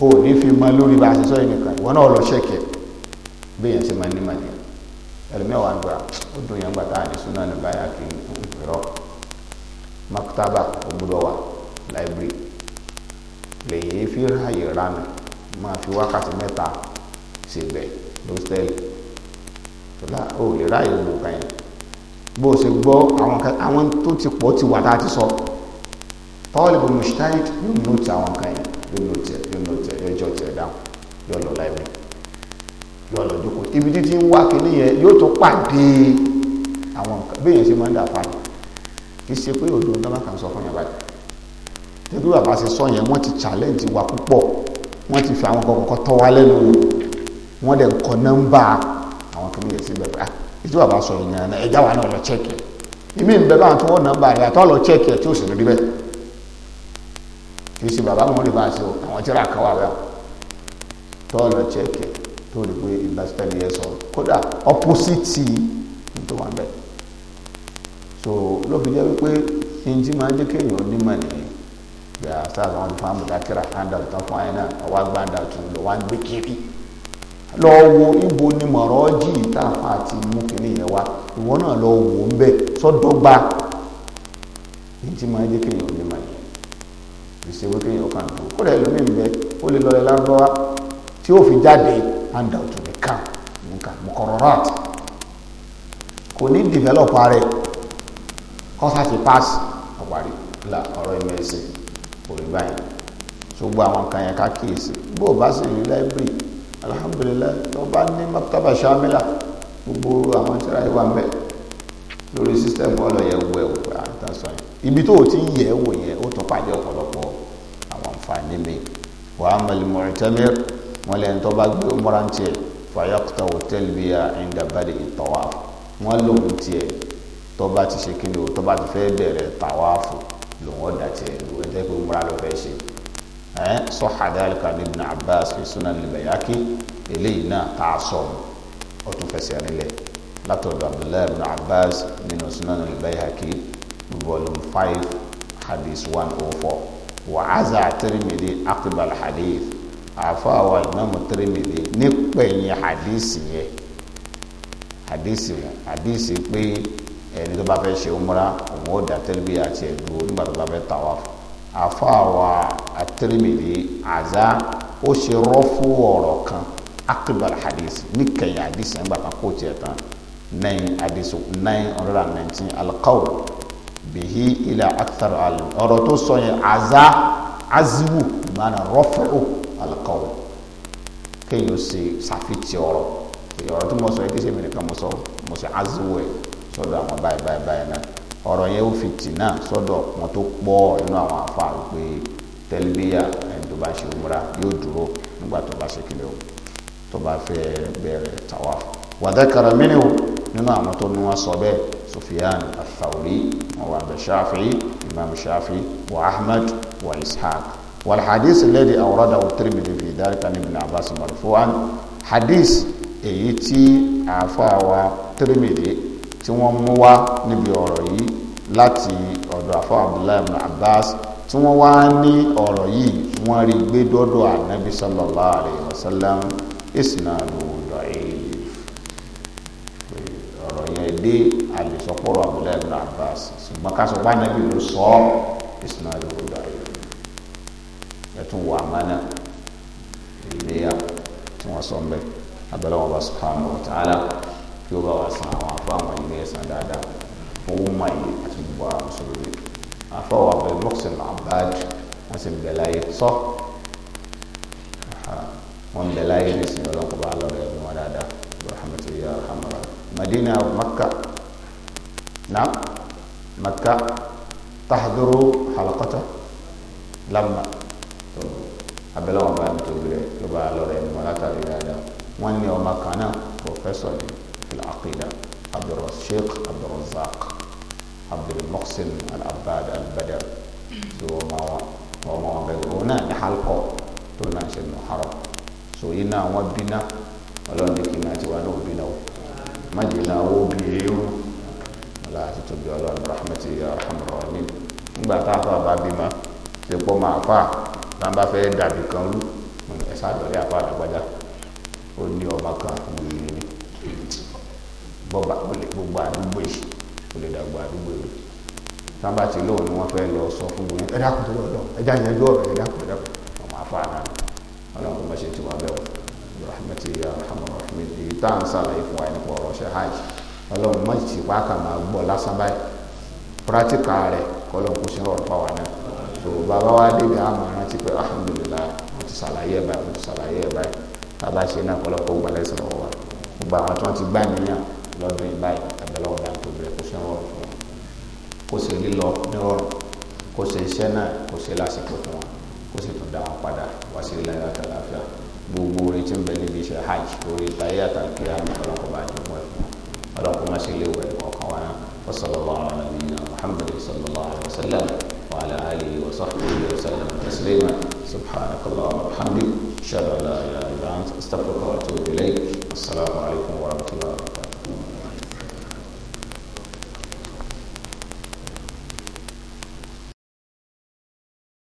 o ní fi mọ lórí bá a ṣe sọ yìí nìkan ìwọ náà lọ ṣẹkẹ bí èèyàn ṣe máa ní màlẹ ẹlòmíwàá ń gbà ó dùn yẹn gbà tá a ní súná ní báyà kí n rọ maktaba ògbúdọ̀ wà láìbírì lèyìn fi ráàyè ránà máa fi wákàtí mẹ́ta ṣègbè lọ́sítẹ́ẹ̀lì tọ́lá ò lè ráàyè ògùn kan yẹn bó o ṣe gbọ́ àwọn kan àwọn tó ti pọ̀ ti wà tá a ti sọ tọ́lìbù mùsítáìtì yóò nù àwọn kan yóò nù ti yóò tẹ̀mpẹ́rẹ́tsọ̀ tiẹ̀ dáhùn yóò lọ láìpẹ́ yóò lọ jókòó ibi títí ń wá kínní yẹn yóò tó pàdé àwọn nǹkan bí èèyàn ṣe máa ń dà fáàlì kì í ṣe pé òdo ọ̀dọ́mà kan sọ fún yàrá yìí tẹ́gbẹ́ bàbá ṣe sọ yẹn wọ́n ti challenge wa púpọ̀ wọ́n ti fi àwọn kọ̀ọ̀kan tọ́ wa lẹ́nu wọ́n dẹ̀ ń kọ nọ́mbà àwọn kìíní yẹn síbẹ̀ pé ah ìtú bàbá sọ yẹn ẹ̀dá wa náà lọ chẹ́kì ìmí ń bẹ báwọn tí wọ́n nọ́mbà rẹ̀ àtọ́ lọ chẹ́kì ẹ̀ tí ó sì rí bẹ́ẹ̀ kì í ṣe bàbá mọ̀ lè bá ṣe o àwọn tíra kan wà bẹ́ẹ̀ tọ́ọ̀lù chẹ́kẹ̀ tó lè pé ìbásítẹ́lì yẹn sọ̀rọ̀ kódà ọ́pọ́sìtì tó wà bẹ́ẹ̀ so ló fi jẹ́ wípé ẹnjí máa ń jẹ́ kéèyàn onímọ̀ nìyẹn bí a sáà àwọn fáàmù dákẹ́rà handal tán fún àyẹ̀ náà àwa gbàǹdà tún lọ wá ń gbé kiri lọ wo ibo ni mọ̀rọ̀ jì táwọn àti mú kiri yẹn wá ìwọ náà lọ wò ó ń bẹ́ẹ̀ sọ́dọ́gba ẹnjí máa ń jẹ́ kéèyàn onímọ̀ nìyẹn ìṣèwé tó yàn kan kó rẹ̀ lómi ń bẹ ó lè lọlẹ̀ lárúbáwá tí ó fi jáde handout nìkan nǹkan mọ̀kọ̀rọ̀rọ̀ kò ní develop rẹ̀ kọ́sà ti pass ọ̀parí la ọ̀rọ̀ ẹ̀mẹ́ ẹ̀sìn òrí báyìí ṣùgbọ́n àwọn kan yẹn ká kíyèsí bó o bá sì rí library alhamdulilayi tó bá ní maktaba shamila gbogbo àwọn tíra ìwà mẹ lórí system ọlọ yẹ wọ ẹwọ àtàsọ yẹn ibi tó o ti ń yẹ wò yẹn ó tún pàdé ọpọlọ níbi wa amma al-mu'tamir wọn lẹ́yìn tó bá gbé umra ń tiẹ̀ fàyàkùtà hòtẹ́ẹ̀lì bíi inda badi'i tawaf wọn lòun tiẹ̀ tó bá ti ṣe kí ni o tó bá ti fẹ́ bẹ̀rẹ̀ tawafu lòun ọ̀dà tiẹ̀ lòun ẹ̀ tẹ́ pé umra ló fẹ́ ṣe sọ́ha dhalika ní ibn abbas fi sunan al-bayaki eléyìí náà tá sọ ọ tún fẹsẹ̀ nílẹ̀ látọ̀dọ̀ abdullahi ibn abbas nínú sunan al-bayaki gbogbo five hadith one oh four wàhazà tirimidi akibal hadith àfọwọ́ ìmáàmù tirimidi nípẹ̀yìn hadith yẹn hadith wọn hadith pé ẹni tó bá fẹ́ ṣe umra òun ó da tẹ́lẹ̀bí àti ẹ̀dúró nígbà tó bá fẹ́ tawaf àfọwọ́ tirimidi àzá ó ṣe rọ́fù ọ̀rọ̀ kan akibal hadith níkẹyìn hadith yẹn gbàgbà kó tiẹ̀ tán nine hadith nine hundred and nineteen alqawl bihi ila akthar alim ọ̀rọ̀ tó sọ yẹn aza aziwu mana rọ́fẹ́rù alqawl kéèyàn ó ṣe ṣàfihàn ọ̀rọ̀ ọ̀rọ̀ tó mọ̀ sọ yẹn kí sèmi nìkan mọ̀ sọ mọ̀ sí aziwu ẹ̀ sọ́dọ̀ àwọn báyìí báyìí báyìí náà ọ̀rọ̀ yẹn ó fi tì náà sọ́dọ̀ wọn tó pọ̀ nínú àwọn afa pé tẹ́lifíyà ẹni bá ṣe múra yóò dúró nígbà tó bá ṣe kílẹ̀ o tó bá fẹ́ bẹ̀rẹ̀ tawaf wa dhakara nínú àwọn tó ní wọn sọ bẹ́ẹ̀ Sufyan ath وأبا الشافعي إمام الشافعي وأحمد وإسحاق والحديث الذي أورده الترمذي في ذلك عن ابن عباس مرفوعا حديث إيتي عفاوى ترمذي tí wọ́n mú wá níbi ọ̀rọ̀ yìí láti ọ̀dọ̀ àfọ́ abdullahi ibn abbas tí wọ́n wá ní ọ̀rọ̀ yìí wọ́n rí gbé dọ́dọ̀ ànábi sallallahu alayhi wa sallam isnaduhu da'if ọ̀rọ̀ yẹn dé àlè sọpọrọ Abdullahi ibn Abbas ṣùgbọ́n ká sọ pé anabi ló sọ ọ ìsìnàlẹ òdà yìí ẹtún wọ àmàna ìléyà tí wọn sọ mbẹ abẹlẹ bá subhanahu wa ta'ala kí ó bá wà sàn àwọn afọ àwọn ilé ẹsàn dáadáa owó mọ yìí àti gbogbo àwọn mùsùlùmí afọ wa bẹ mọkìsìn abad wọn sì bẹ láyé sọ wọn bẹ láyé ní sinmi ọlọ́pàá lọrọ ẹni wọn dáadáa madina makka. نعم مكة تحضر حلقته لما abẹ́lẹ́ wọn bá ń tóbi rẹ̀ ló bá lọ rẹ̀ níwọ̀n látàrí dáadáa wọ́n ní ọmọ kan náà pòfẹ́sọ̀ ní filakida abdulrasheikh abdulrazak abdulmohsin alabad albadar so ọmọ wọn ọmọ wọn bẹ́ẹ̀ òun náà ní halkọ tó náà ṣe nù harọ so yìí náà wọ́n bí náà ọlọ́run ní kí náà ti wá náà bí náà o má jẹ́ náà ó bí eérú ọlá àti tóbi ọlọ́run rahmatu ya rahman rahim nígbà tá a fọ àbá bímọ ṣe pọ́ máa fà tá a bá fẹ́ dàbí kan rú ẹ̀ sáàdọ̀rẹ́ apá àdàgbàjá ó ní ọmọ kan wíìrì ni bọ́ba gbogbo àdúgbò yìí ó lè dàgbà àdúgbò yìí tá a bá ti lóun ni wọ́n fẹ́ lọ sọ fún gbogbo ẹ̀ dákun tó lọ lọ ẹ̀ já yẹn gbọ́ ẹ̀ dákun ẹ̀ dákun ọmọ afá náà ọlọ́run bá ṣe ti wà bẹ́ẹ̀ rahmatu ya rahman rahim èyí tá à ń sàlàyé fún ọlọ́run mọ̀ sí wá kà máa gbọ́ lásán báyìí pírátíkà rẹ̀ kọ́lọ́run kó sí ọ̀rọ̀ fáwọn náà so bàbá wa débi àmọ́ rántí pé alhamdulilayi mo ti ṣàlàyé ẹ̀ báyìí mo ti ṣàlàyé ẹ̀ báyìí bàbá ṣe náà kọ́lọ́run kó gbà lẹ́sìn lọ́wọ́ wa gbogbo àwọn tí wọ́n ti gbá níyàn lọ́dún yìí báyìí àbẹ̀lọ́wọ́ dáa tó bẹ̀rẹ̀ kó sí ọ̀rọ̀ fún wọn kó sì lílọ nírọ̀rùn kó sì iṣẹ́ náà kó sì lásìkò fún wọn kó sì tún dá wọn padà wá sí ilẹ̀ àtàlàfíà gbogbo orin tí ń bẹ níbi iṣẹ́ hajj orin táyé àtàkìyà ọlọ́kọ̀ọ́ bá jù ولو قماش اللي هو وقوانا وصلى الله على نبينا محمد صلى الله عليه وسلم وعلى آله وصحبه وسلم تسليما سبحانك اللهم وبحمدك أشهد أن لا إله إلا أنت أستغفرك وأتوب إليك السلام عليكم ورحمة